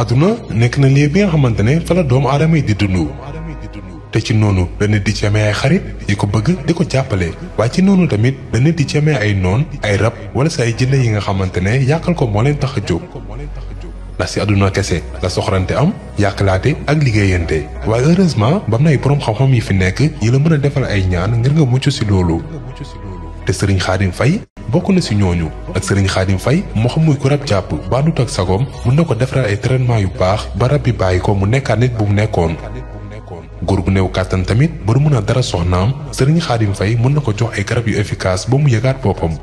àdduna nekk na lieu bi nga xamante ne fa la doomu aadama yi di dund te ci noonu la nit di ci amee ay xarit yi ko bëgg di ko jàppale waaye ci noonu tamit la di ci ay noon ay rab wala sa ay jinne yi nga xamante ne yàqal ko moo leen tax a jóg ndax si àdduna kese la soxrante am yàqalaate ak liggéeyante waaye heureusement bam na ay boroom xam-xam yi fi nekk yi la mën a defal ay ñaan ngir nga mucc si loolu te sëriñ Xaadim Fay bokk na si ñooñu ak sëriñ Xaadim Fay moo xam muy ku rab jàpp baadut ak sagoom mun na ko defaral ay traitement yu baax ba rab bi bàyyi ko mu nekkaat nit bu mu nekkoon góor gu new kàttan tamit ba du mën a dara soxnaam sëriñ Xaadim Fay mun na ko jox ay garab yu efficace ba mu yëgaat boppam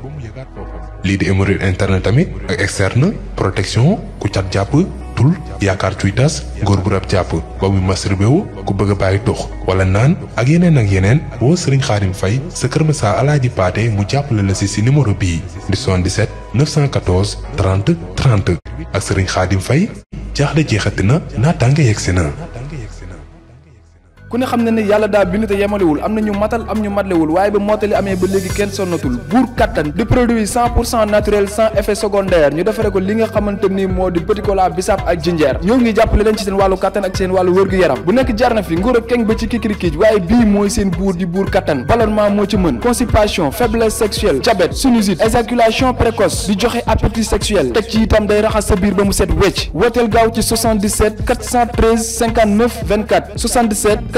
lii di hémorroïde internet tamit ak externe protection ku cat jàpp tul yaakaar cuy tas góor bu rab jàpp ba muy masturbé wu ku bëgg a bàyyi tux wala naan ak yeneen ak yeneen woo Serigne Xaadim Faye sa kër Massa Alaaji Paate mu jàppale la si si numéro bii di 77 914 30 30 ak Serigne Xaadim Faye jaaxle jeexati na naataange yegsi na. ku ne xam na ni yàlla daal bind te yemalewul am na ñu matal am ñu matlewul waaye ba mottali amee ba léegi kenn sonnatul buur kattan di produit naturel sans effet secondaire ñu defare ko li nga xamante ni moo di petit cola bisaab ak jinjeer ñoo ngi jàppale leen ci seen wàllu kattan ak seen wàllu wërgu yaram bu nekk jarna fi nguur ak keng ba ci kikirikiij waaye bii mooy seen buur di buur kattan ballonnement moo ci mën constipation faiblesse sexuelle diabète sinusite éjaculation précoce di joxe appétit itam day raxas sa biir ba mu set wecc wooteel gaaw ci 77 413 59 24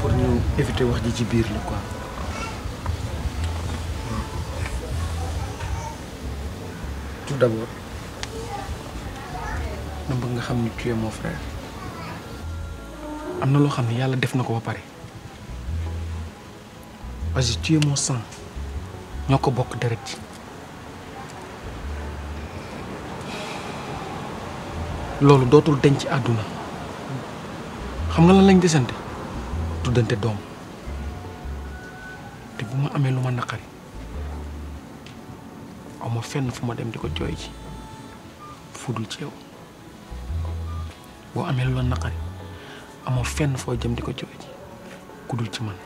pour ñu éviter wax ji ci biir ko quoi. tout d'abord na bëgg nga xam ni tu mon frère. am na loo xam ne yàlla def na ko ba pare. parce que tu es mon sang ñoo ko bokk deret ji. loolu dootul denc àdduna. xam nga lan lañ desante tuddante doom te bu ma amee lu ma naqari aw ma fenn fu ma dem di ko jooy ci fudul ci yow boo amee lu la naqari fenn foo jëm di ko jooy ci man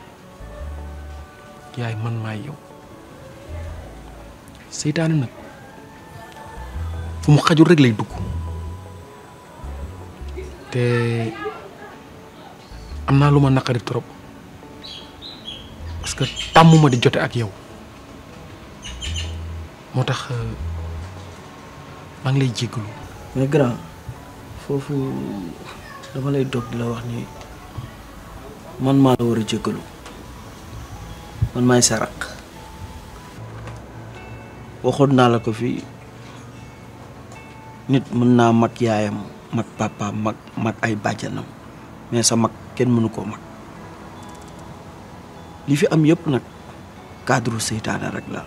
yaay man maay yow seytaane nag fu mu xajul rek lay dugg te am naa lu ma naqari trop parce que tàmmuma di jote ak yow moo tax euh, maa ngi lay jéggalu mais grand foofu wax ni man maa la war a jéggalu man maay sa rakk naa la ko fii nit mën naa mag yaayam mag papaam mag mag ay bàjjanam mais sa mag kenn mënu koo mag li fi am yëpp nag cadre seytaane rek la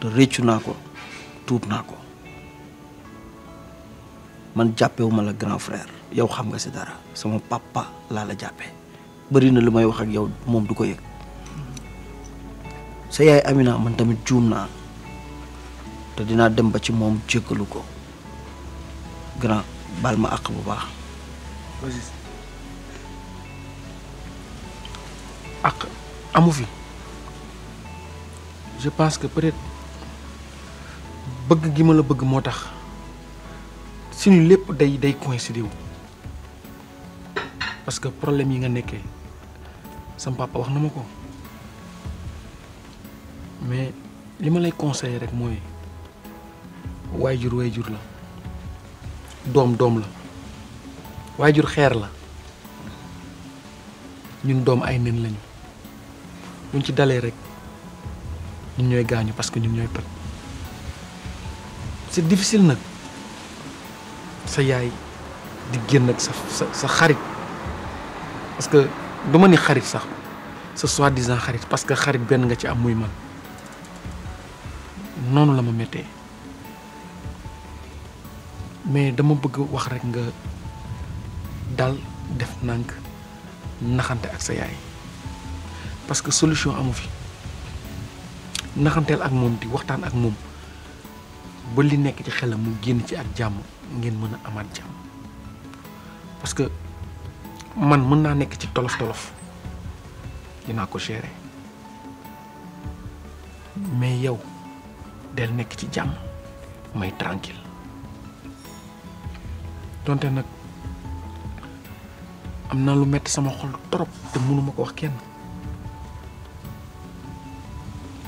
te réccu naa ko tuub naa ko man jàppewuma la grand frère yow xam nga si dara sama papa laa la jàppe bëri na lu may wax ak yow moom du ko yëg sa yaay Amina man tamit juum naa te dinaa dem ba ci moom jéggalu ko grand baal ma àq bu baax ak amu fi je pense que peut-être bëgg gi ma la bëgg moo tax suñu lépp day day coïncider wu parce que problème yi nga nekkee sam wax na ma ko mais li ma lay conseiller rek mooy jur waajur jur la doom doom la jur xeer la ñun doom ay nen lañu. buñ ci dalee rek ñun ñooy gaañu parce que ñun ñooy pët c'est difficile nag sa yaay di génn ak sa sa xarit parce que du ni xarit sax sa soi-disant xarit parce que xarit benn nga ci am muy man noonu la ma méttee mais dama bëgg wax rek nga dal def nànk naxante ak sa yaay. parce que solution amu fi naxanteel ak moom di waxtaan ak moom ba li nekk ci xelam mu génn ci ak jàmm ngeen mën a amaat jàmm parce que man mën naa nekk ci tolof tolof dinaa ko gérer mais yow del nekk ci jàmm may tranquille donte nag am na lu metti sama xol trop te mënuma ko wax kenn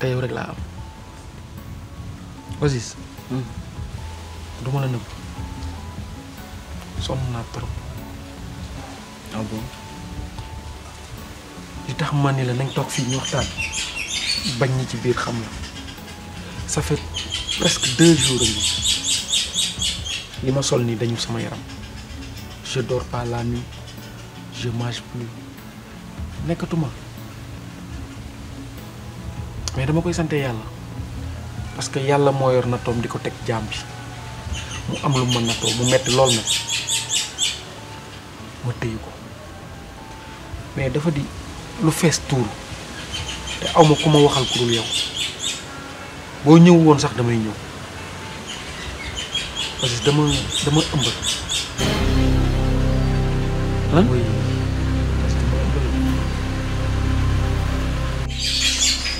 te yow rek laa am Aziz. Hmm. du la nëbb sonn naa trop. ah li tax ma ni la nañ toog fii ñu waxtaan bañ ñi ci biir xam la ça fait presque deux jours li ma sol nii dañu sama yaram je dors pas la nuit plus nekkatuma. mais dama koy sante yàlla parce que yàlla moo yor nattoom di ko teg jaam bi mu am lu ma nattoo mu metti lool nag ma téye ko mais dafa di lu fees tuuru te awma ku ma waxal ku dul yow boo ñëw woon sax damay ñëw parce dama dama ëmb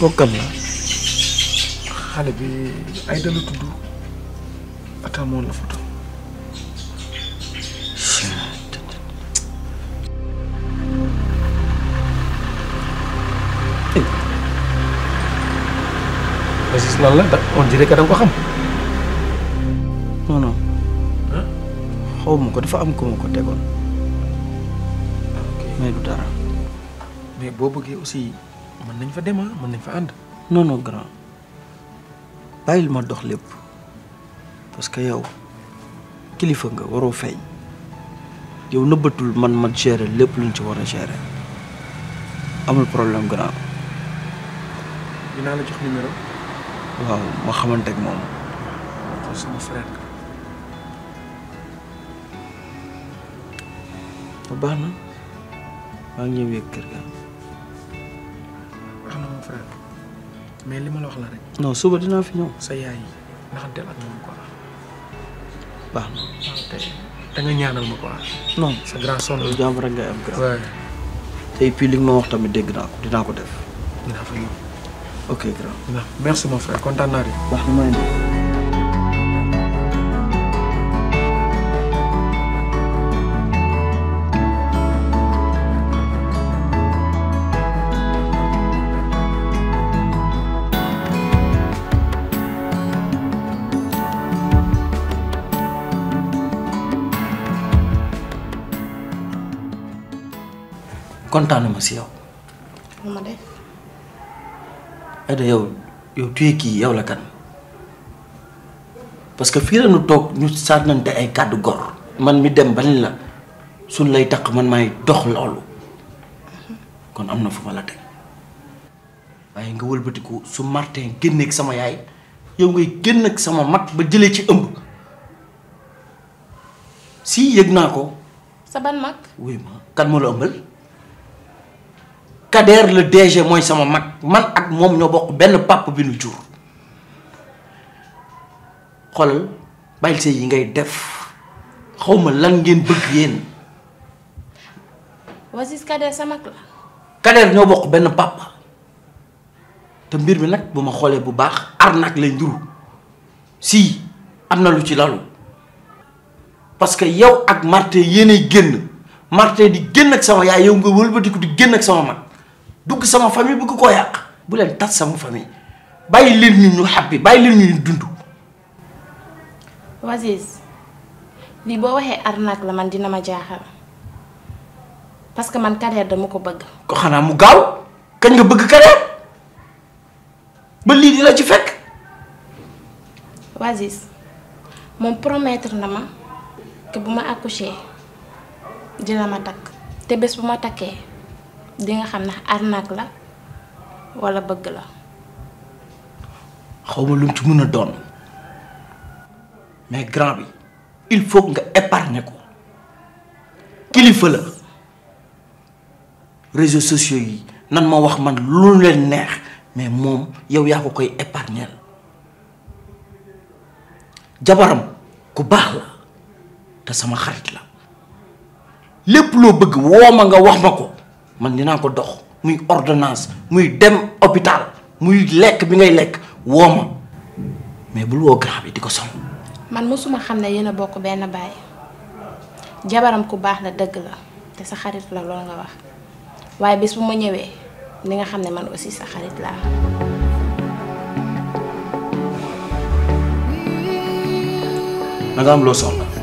bokkam la xale bi ay dala tudd atamoon la photo Aziz ko xaw ma ko dafa am ko ma ko tegoon mais du dara mais boo bëggee aussi mën nañ fa dem mën nañ fa ànd. non non grand bàyyil ma dox lépp parce que yow kilifa nga waroo feeñ yow nëbbatul man ma gérer lépp luñ ci war a gérer amul problème grand. dinaa la jox numéro. waaw ma xamante moom. sama baax na maa ngi ñëw yëg kër ga. mais li wax rek. non suba dinaa fi ñëw. sa yaay yi naxanteel ak moom ah, nga ñaanal ma quoi. non sa grand son la jàmm rek ngay am grand. waaw tey puis li ma wax tamit dégg naa ko dinaa ko def. dinaa fa ñëw. ok grand. merci mon frère kontaan naa de. baax na maa ngi kontaanuma si yow. lu yow yow tuye kii yow la kan parce que fii la ñu toog ñu sànnante ay kàddu gor. man mi dem ban la suñ lay taq man maay dox loolu kon am na fu ma la teg waaye nga wëlbatiku su Martin génneeg sama yaay yow ngay génn ak sama mag ba jëlee ci ëmb si yëg naa ko. sa ban mag. wuy ma kan moo la ëmbal. Kader la DG mooy sama mag man ak moom ñoo bokk benn pàpp bi nu jur xoolal bàyyil sëy yi ngay def xawma lan ngeen bëgg yéen Wasis Kader sama mag la Kader ñoo bokk benn pàpp te mbir mi nag bu ma xoolee bu baax nag lay nduru si am na lu ci lalu parce que yow ak Martin yéenay génn Martin di génn ak sama yaay yow nga wëlbatiku di génn ak sama mag dugg sama famille bugg koo yàq bu leen tas sama famille bàyyi leen ñu ñu xàppi bàyyi leen ñu ñu dund. Waziz lii boo waxee arnaque la man dina ma jaaxal parce que man carrière dama ko bëgg. ko xanaa mu gaaw kañ nga bëgg carrière ba lii di la ci fekk. Waziz moom promettre na ma que bu ma accoucher dina ma takk te bés bu ma takkee. di nga xam ndax arnaque la walla bëgg la. xaw ma lu mu ci mën a doon mais grand bi il faut nga épargner ko kilifa la réseaux sociaux yi nan ma wax man lu leen neex mais moom yow yaa ko koy épargner jabaram ku baax la te sama xarit la lépp loo bëgg woo ma nga wax ma ko. man dinaa ko dox muy ordonnance muy dem hôpital muy lekk bi ngay lekk woo ma mais bul woo grand di ko son man mosuma xam ne yéen a bokk benn baay jabaram ku baax la dëgg la te sa xarit la loolu nga wax waaye bis bu ma ñëwee li nga xam ne man aussi sa xarit laa na nga am loo soxla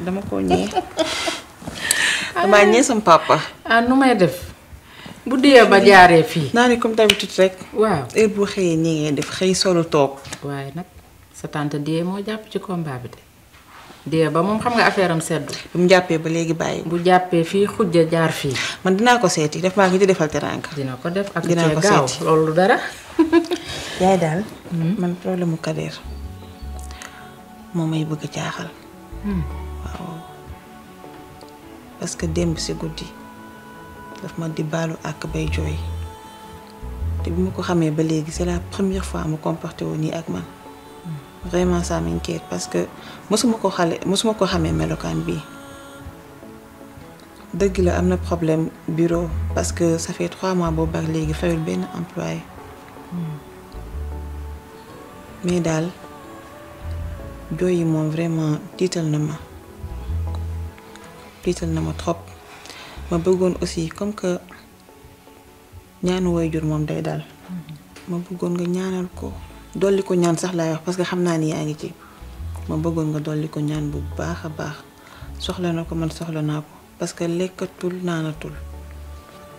dama ko ñee. damaa sama papa. Ah, nu may def. bu dee ba jaaree fii. naa ne comme d'habitude rek. waaw heure bu xëyee nii ngay def xëy solo toog. waaye nag sa tante dee moo jàpp ci combat bi de. dee ba moom xam nga affaire am sedd. bu mu jàppee ba léegi bàyyi. bu jàppee fii xujja jaar fii. man dinaa ko seeti def maa ngi di defal teraanga. dina ko def ak cee gaaw loolu dara. yaay daal. Hmm? man problème mu moo may bëgg jaaxal. Hmm. parce que démb si guddi daf ma di baalu ak bay jooy te bi ma ko xamee ba léegi c'est la première fois mu comporté wu nii ak man vraiment ça m'inquiète parce que mosuma ko xale mosuma ko xamee melokaan bi dëgg la am na problème bureau parce que ça fait trois mois boobu ak léegi fayul benn employé mais daal jooy yi moom vraiment tiital na ma. tiital na ma trop ma bëggoon aussi comme que ñaanu woy waajur moom day daal ma bëggoon nga ñaanal ko dolli ko ñaan sax laay wax parce que xam naa ni yaa ngi ci ma bëggoon nga dolli ko ñaan bu baax a baax soxla na ko man soxla naa ko parce que lekkatul naanatul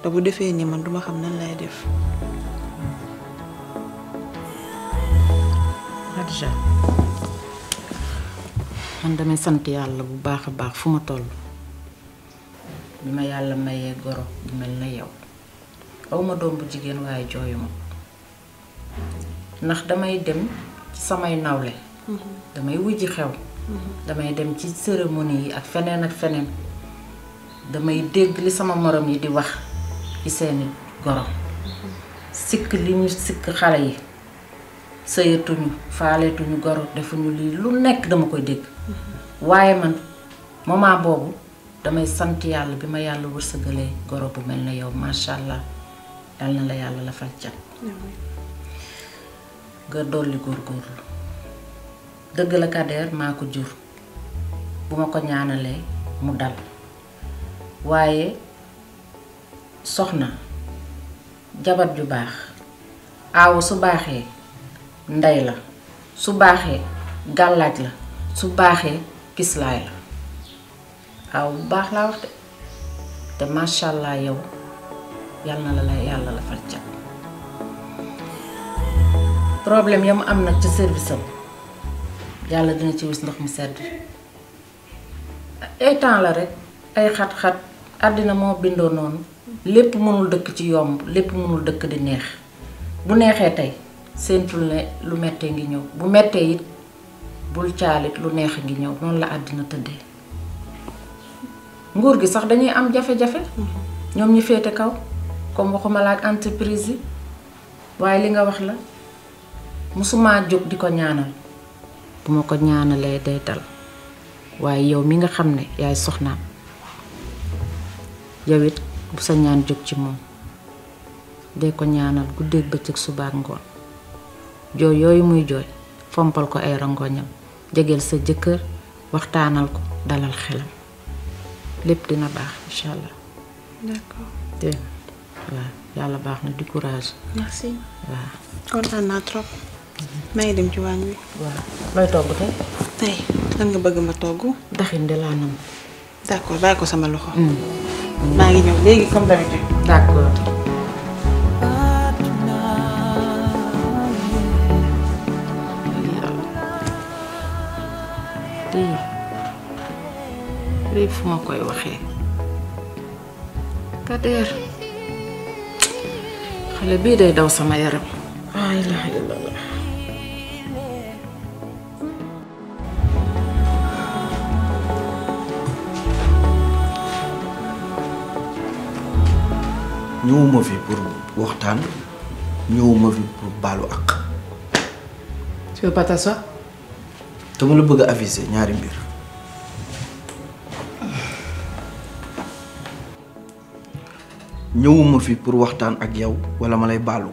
te bu defee nii man duma xam nañ lay def. Khadija man damay sant yàlla bu baax a baax fu ma toll. bi ma yàlla mayee goro bu mel na yow awma doom bu jigéen waaye jooyuma ndax damay dem samay nawle mm-hmm. damay wujji xew mm-hmm. damay dem ci cérémonie yi ak feneen ak feneen damay dégg li sama moroom yi di wax ci seeni goro mm-hmm. sikk li ñu sikk xale yi sëyatuñu faaleetuñu goro defuñu lii lu nekk dama koy dégg waaye man moment boobu damay sant yàlla bi ma yàlla wërsëgalee goro bu mel na yow macha allah yal la yàlla la fal cat nga dolli góorgóorlu dëgg la Kader maa ko jur bu ma ko ñaanalee mu dal waaye soxna jabat ju baax aaw su baaxee ndey la su baaxee gàllaaj la su baaxee kislaay la aw bu baax laa wax de te macha allah yow yàlla la yàlla la fal cat problème ya am na ci service am yàlla dina ci wis ndox mi sedd ay la rek ay xat-xat àddina moo bindoo noonu lépp mënul dëkk ci yomb lépp mënul dëkk di neex bu neexee tey séentul ne lu mettee ngi ñëw bu mettee it bul caalit lu neex ngi ñëw noonu la àddina tëddee nguur gi sax dañuy am jafe-jafe ñoom ñu féete kaw comme waxumala ak entreprise yi waaye li nga wax la musuma jóg di ko ñaanal bu ma ko ñaanalee day dal waaye yow mi nga xam ne yaay soxnaam yow it bu sa ñaan jóg ci moom dee ko ñaanal guddeeg bëccëg suba ak ngoon jooy yooyu muy jooy fompal ko ay rongoñam jegeel sa jëkkër waxtaanal ko dalal xelam lépp dina baax incha allah. d'accord dégg nga yàlla baax na di courage. merci waaw. kontaan naa trop. maa ngi dem ci waañ wi. waaw looy togg tey. tey lan bëgg ma togg. daxin de laa nam. d'accord bàyyi ko sama loxo. Mm. maa ngi ñëw léegi comme d'habitude. d'accord. rëy fu ma koy waxee Kader xale bii day daw sama yaram laa ilaaha illallaah ñëwuma fi pour waxtaan ñëwuma fi pour baalu ak tu veux pas t'asseoir la bëgg a aviser ñaari mbir ñëwuma fi pour waxtaan ak yow walla ma lay baalu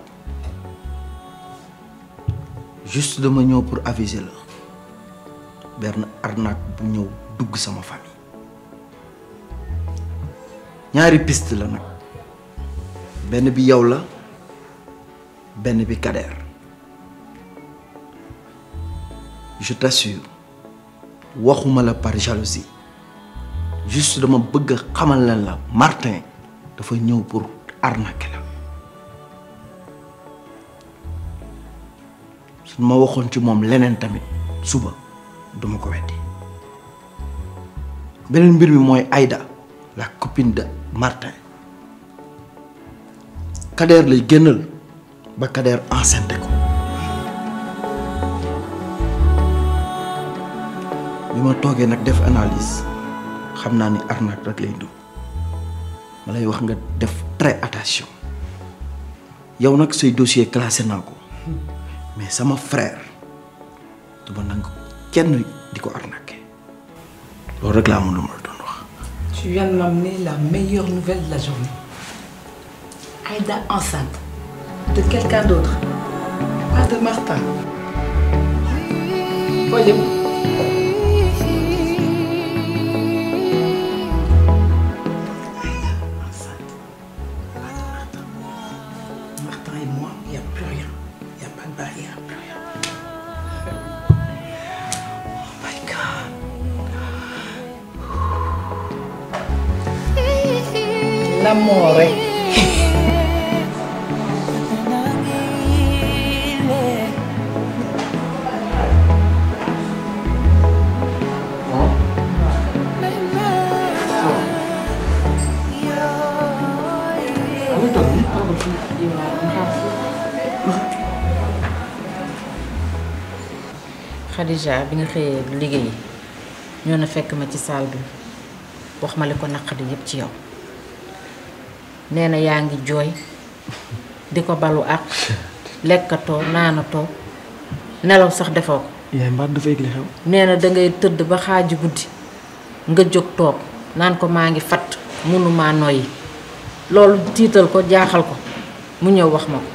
juste dama ñëw pour aviser la benn arnaque bu ñëw dugg sama famille ñaari piste la nag benn bi yow la benn bi Kader je t'assure waxuma la par jalousie juste dama bëgg xamal leen la Martin dafa ñëw pour arnaquer la su ma waxoon ci moom leneen tamit suba duma ko weddi beneen mbir mi mooy ayda la copine de Martin Kader lay génnal ba Kader enceinte ko bi ma toogee nag def analyse xam naa ni arnaque rek lay dund ma lay wax nga def très attention yow nag suy dossier classé naa mais sama frère du ma nangu kenn di ko arnaqué loolu rek laa mënul ma doon wax. tu viens de m'amener la meilleure nouvelle de la journée Aïda enceinte de quelqu'un d'autre pas de Martin. Voyez-vous. l'amore. bi nga xëyee liggéey ñoo na fekk ma ci saal bi wax ma li ko naqadi yépp ci yow neena yaa ngi jooy di ko balu ak lekkatoo naanatoo nelaw sax defoo ko. neena mbaat dangay tëdd ba xaaji guddi nga jóg toog naan ko maa ngi fatt mënuma noyyi loolu tiital ko jaaxal ko mu ñëw wax ma ko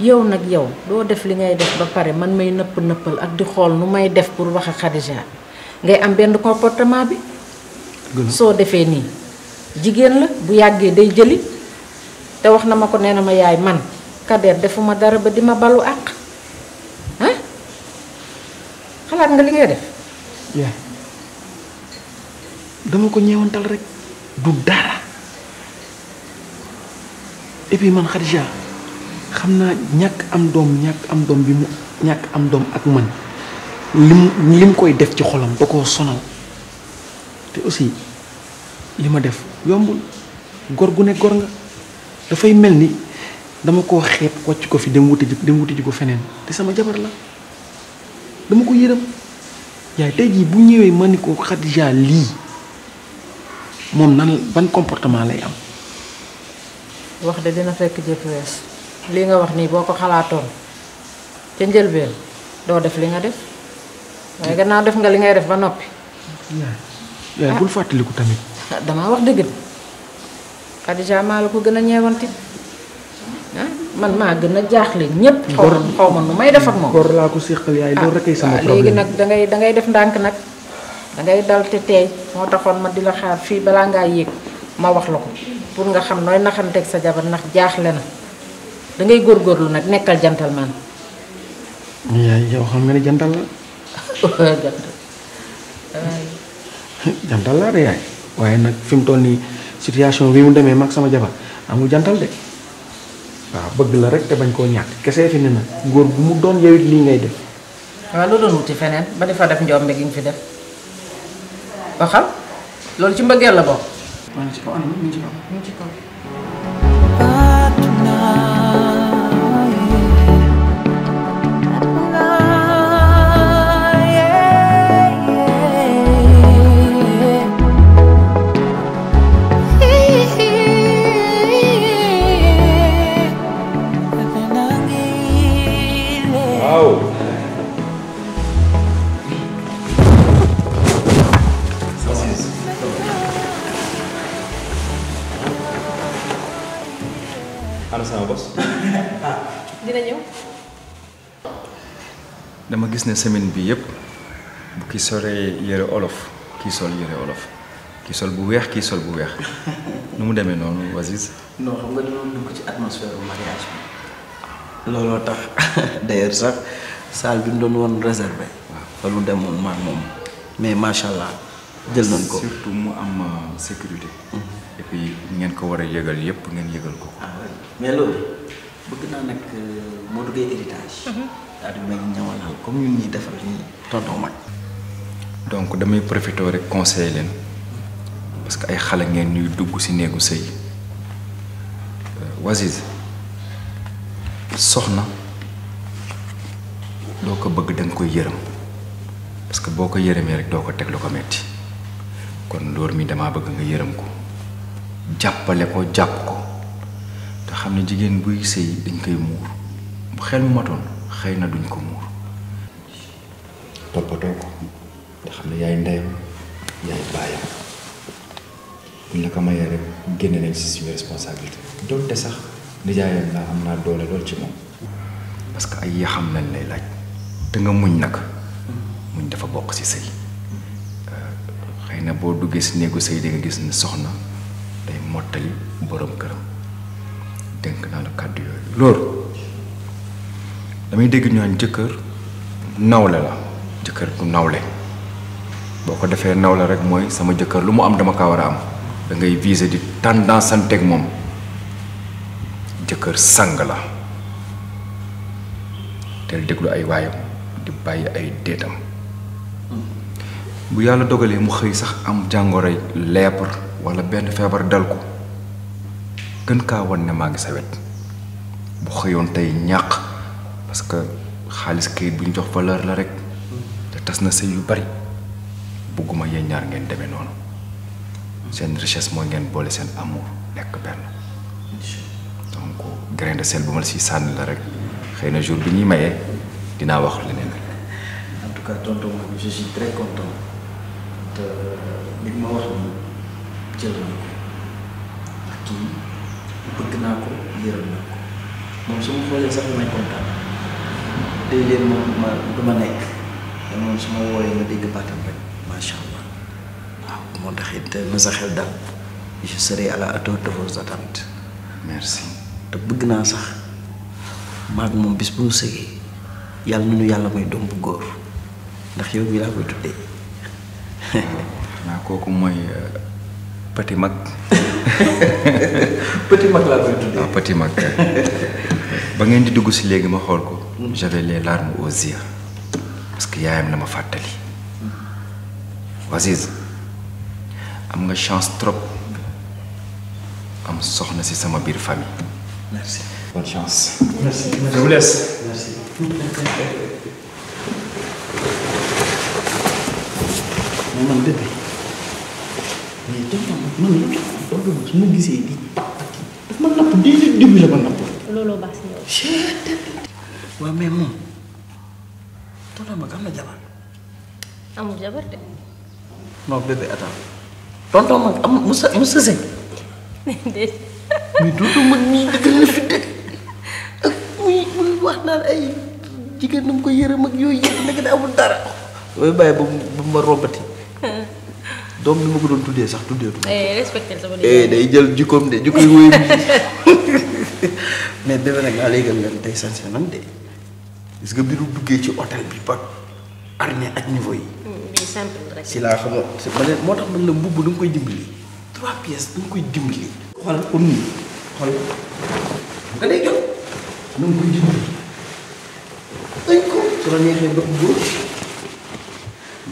yow nag yow doo def li ngay def ba pare man may nëpp nëppal ak di xool nu may def pour wax ak Khadija ngay am benn comportement bi. soo defee nii. jigéen la bu yàggee day jëli te wax na ma ko nee na ma yaay man Kader defuma dara ba di ma balu àq ah xalaat nga li ngay def. dama ko ñeewantal rek du dara et puis man Khadija xam naa ñàkk am doom ñàkk am doom bi mu ñàkk am doom ak man li lim koy def ci xolam da koo sonal te aussi li ma def yombul gor gu ne gor nga dafay mel ni dama ko xeeb kocc ko fi dem wuti ji wuti ji ko feneen te sama jabar la dama ko yërëm yaay tey jii bu ñëwee ma ni ko Xadija lii moom nan ban comportement lay am. wax de dina fekk jëf wees lii nga wax nii boo ko xalaatoon ca njëlbeen doo def li nga def waaye gannaaw def nga li ngay def ba noppi. yaay bul ah. fàttaliku tamit. damaa wax dëgg de Xadija maa la ko gën a ñeewanti ah, man maa gën a jaaxle ñépp xaw ma nu may def ak moom góor laa ah, ah, léegi nag dangay dangay def ndànk nag dangay dal te teey moo taxoon ma di la xaar fii balaa ngaa yéeg ma wax la ko pour nga xam nooy naxanteeg sa jabar ndax jaaxle na dangay góorgóorlu nag nekkal jantal man yaay yow jantal laa de yaay waaye nag fi mu toll nii situation bi mu demee mag sama jabar amul jantal de waaw bëgg la rek te bañ koo ñàkk kese fi ne nag góor bu mu doon yow it lii ngay def. waaw loo doon wuti feneen ba di fa def njombe gi nga fi def ba xam loolu ci mbëggeel la bokk. maa ngi waaw. dina ñëw. dama gis ne semaine bi yépp bu ki soree yëre olof kii sol yëre olof kii sol bu weex kii sol bu weex nu mu demee noonu Aziz. non xam nga dañoo dugg ci atmosphère bu looloo tax d'ailleurs sax salle bi ñu doon woon réservé. waaw loolu demoon maak moom mais macha allah jël nañ ko. surtout mu am euh, sécurité. Mhm. et puis ngeen ko war a yëgal yépp ngeen yëgal ko. Ah mais loolu bëgg naa nag euh, moo duggee héritage. Mhm. daal di may comme ñun ñuy defal nii tonton mag. donc damay profité rek conseil leen parce que ay xale ngeen ñuy dugg ci néegu sëy euh, Waziz. soxna doo ko bëgg da nga koy yërëm parce que boo ko yërëmee rek doo ko teg lu ko metti kon loolu mi damaa bëgg nga yërëm ko jàppale ko jàpp ko te xam ne jigéen buy sëy dañ koy muur bu xel mu matoon xëy na duñ ko muur toppatoo ko te xam ne yaay ndeyam yaay baayam buñ la ko rek génne nañ si suñu responsabilité doonte sax nijaayam laa am naa doole lool ci moom parce que ay yaxam lañ lay laaj te nga muñ nag hmm. muñ dafa bokk si sëy euh, xëy na boo duggee ci néegu sëy di nga gis ne soxna day mottali boroom këram dénk naa la kàddu yooyu loolu damay dégg ñooñ jëkkër nawle la jëkkër du nawle boo ko defee nawle rek mooy sama jëkkër lu mu am dama kaa war a am da ngay viser di tendance anteeg moom jëkkër sang la te déglu ay waayam di bàyyi ay déetam bu yàlla dogalee mu xëy sax am jàngoroy lèpre walla benn feebar dal ko gën kaa wan ne maa ngi sa wet bu xëyoon tey ñàq parce que xaalis kayit bu jox valeur la rek te tas na sëy yu bari bëgguma yéen ñaar ngeen demee noonu seen riches mooy ngeen boole seen amour nekk benn grain de sel bu ma si sànni la rek xëy na jour bi ñuy mayee dinaa wax leneen. en tout cas tonton moom ma wax nii jël na ko ak kii bëgg naa ko yërëm naa ko moom su ma xoolee sax damay kontaan tey léegi moom ma du ma nekk te moom su ma wooyee nga dégg baatam rek macha allah waaw moo tax na sa xel dal je serai à la hauteur de vos attentes. merci. te bëgg naa sax maag moom bis bu ñu sëgee yàlla na ñu yàlla may doom bu góor ndax yow mii laa koy tuddee. naa kooku mooy euh, petit mag. Ah, petit mag ba ngeen di dugg si léegi ma xool ko. Mm. j'avais les larmes aux yeux yaayam la ma fàttali. Mm. Aziz am nga chance trop am soxna si sama biir famille. Merci. Bonne chance. Merci. Je vous laisse. Merci. maanaam man loolu su ma gisee ma napp déedéet début la ma napp. looloo baax si yow. waaw mais moom tonton mag am na jabar. jabar de. non bébé attends tonton mag am musa musa mais dootoo mën nii dëggal na fi de ak muy muy wax naan ay jigéen ñi ko yërëm ak yooyu yëpp nekk na amul dara. booy bàyyi ba mu ma rombati. doom bi ma ko doon tuddee eh, sax tuddee du. respecté sama day jël jikkoom de jikkoy wóy mais bébé nag laa léegal leen tey sañ nan de gis nga biru duggee ci hôtel bi ba armé ak niveau yi. si laa xamoon. moo tax man la mbubb da nga koy dimbali. trois pièces da nga koy dimbali. xoolal comme nii. xool nga day jot na nga koy jënd dañ ko su la neexee dox góor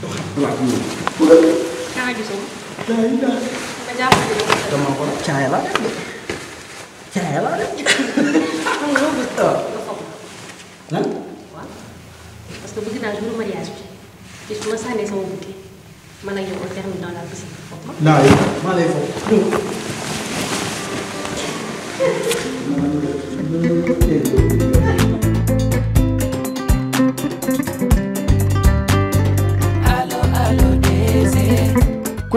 doxal droit ñoom bu la caa gisoo daay daay nga jàpp dama ko caaya laa def caaya laa def lan parce que bëgg naa jour mariage bi ci su ma sànnee sama buté man ak yow on termine dans la piscine foofu ma lay foofu thank you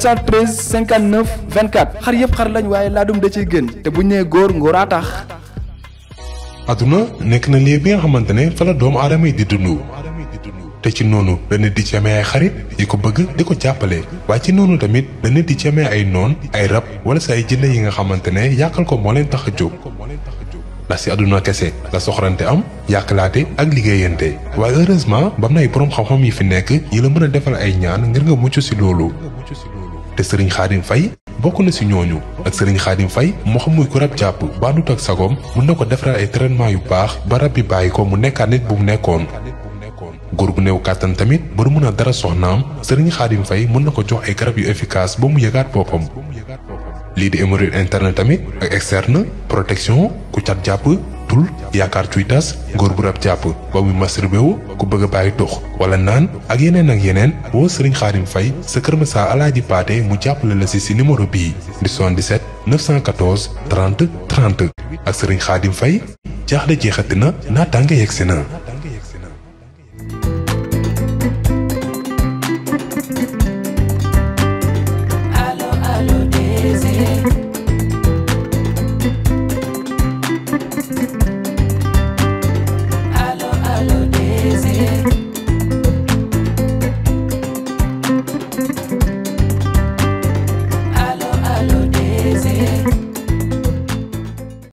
713 59 24 xar yëpp xar lañ waaye laadum da ciy gën te bu ñu nee góor ngóoraa tax. àdduna nekk na lii bi nga xamante ne fa la doomu aadama yi di dund. te ci noonu la di ci ay xarit yi ko bëgg di ko jàppale waaye ci noonu tamit la di ci amee ay noon ay rab wala sa ay jinne yi nga xamante ne yàqal ko moo leen tax a jóg. ndax si àdduna kese la soxrante am yàqlaate ak liggéeyante waaye heureusement bam na ay boroom xam-xam yi fi nekk yi la mën a defal ay ñaan ngir nga mucc si loolu. te sëriñ xaadim fay bokk na si ñooñu ak sëriñ xaadim fay moo xam muy ku rab jàpp baadut ak sagoom mun na ko defaral ay traitement yu baax ba rab bi bàyyi ko mu nekkaat nit bu mu nekkoon góor gu néew kàttan tamit ba du mën a dara soxnaam sëriñ xaadim fay mën na ko jox ay garab yu efficace ba mu yëgaat boppam lii di hémorroïde interne tamit ak externe protection ku cat jàpp tul yaakaar cuy tas góor bu rab jàpp ba muy masturbé wu ku bëgg a bàyyi tux wala naan ak yeneen ak yeneen woo Serigne Khadim Faye sa kër Massa Alaaji Paate mu jàppale la si si numéro bii di 77 914 30 30 ak Serigne Khadim Faye jaaxle jeexati na naataange yegsi na.